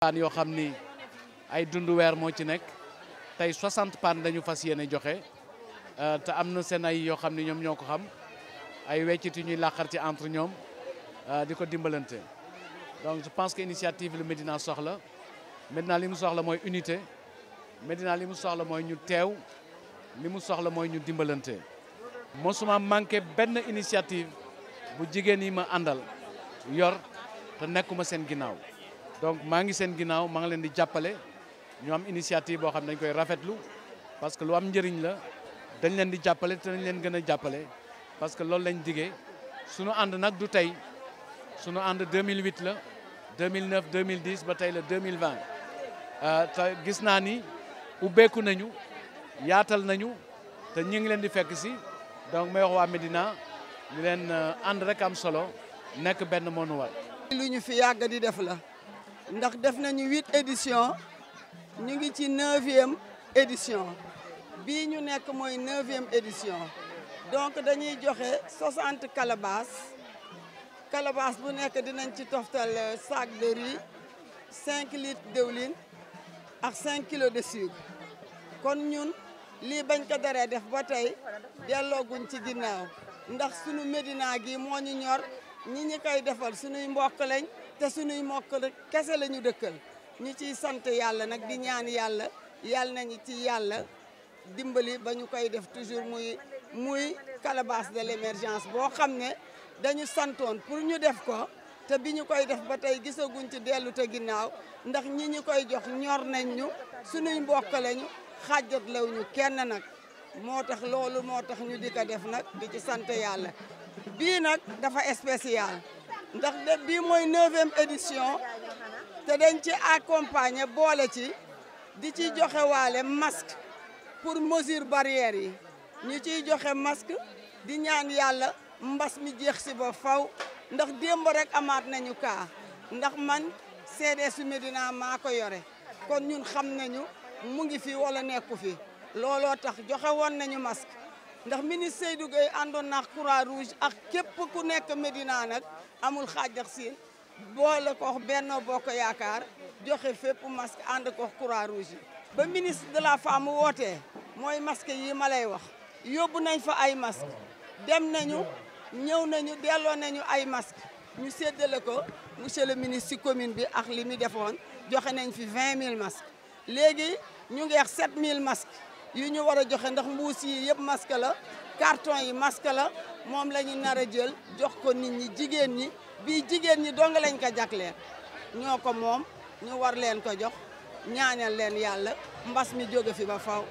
paan yoo xam ni ay dundu weer moo ci nekk tey 60 paan dañu fas yéene joxe euh, te am na seen ay yoo xam ni ñoom ñoo ko xam ay weccit yu ñuy làqar ci entre ñoom euh, di ko dimbalante donc je pense que initiative lu Médina soxla Médina li mu soxla mooy unité Médina li mu soxla mooy ñu teew li mu soxla mooy ñu dimbalante mosuma manqué benn initiative bu jigéen yi ma àndal yor te nekkuma seen ginnaaw donc maa ngi seen ginnaaw maa ngi leen di jàppale ñoom am initiative boo xam ne dañ koy rafetlu parce que lu am njëriñ la dañ leen di jàppale te dañ leen gën a jàppale parce que loolu lañ diggee sunu ànd nag du tey sunu ànd 2008 la 2009 2010 ba tey la 2020 euh, te gis naa ni ubbeeku nañu yaatal nañu te ñu ngi leen di fekk si donc may wax waa Médina ñu leen uh, ànd rek am solo nekk benn moonuwaay. lu ñu fi yàgg di def la ndax def nañu huit édition ñu ngi ci neuvième édition bii ñu nekk mooy neuvième édition donc dañuy joxe soixante calebasses calebasses bu nekk dinañ ci toftal uh, sac de riz cinq litres ak cinq kilos de sucre kon ñun lii bañ ko daree def ba tey dellooguñ ci ginnaaw. ndax sunu Médina gi moo ñu ñor ñi ñu koy defal sunuy mbokk lañ te sunuy mbokk kese la ñu dëkkal ñu ciy sant yàlla nag di ñaan yàlla yàlla nañu ci yàlla dimbali ba ñu koy def toujours muy muy calebasse de l'émergence boo xam ne dañu santoon pour ñu def ko te bi ñu koy def ba tey gisaguñ ci dellu te ginnaaw ndax ñi ñu koy jox ñor nañ ñu sunuy mbokk lañu xàjjat law ñu kenn nag moo tax loolu moo tax ñu di ko def nag di ci sant yàlla bii nag dafa spécial ndax de bii mooy neuvième édition te dañ ci accompagner boole ci di ci joxe waale masque pour mesure barrière yi ñu ci joxe masque di ñaan yàlla mbas mi jeex si ba faw ndax démb rek amaat nañu kaa ndax man CDS Médina maa ko yore kon ñun xam nañu mu ngi fi wala nekku fi looloo tax joxe woon nañu masque ndax ministre Seydou Gueye àndoon na ak croix rouge ak képp ku nekk Medina nag amul xaaj ak seen boo ko Benno Yaakaar joxe fépp masque ànd ko croix rouge ba ministre de la femme wootee mooy masque yi malay wax yóbbu nañ fa ay masque dem nañu ñëw nañu delloo nañu ay masque ñu séddale ko monsieur le ministre ci commune bi ak li mu defoon joxe nañ fi 20 000 léegi ñu ngeex 7 000 masques. yu ñu war a joxe ndax mbuus yi yëpp masque la carton yi masque la moom la ñu nar a jël jox ko nit ñi jigéen ñi bii jigéen ñi dong lañ ko jagleel ñoo ko moom ñu war leen ko jox ñaañal leen yàlla mbas mi jóge fi ba faw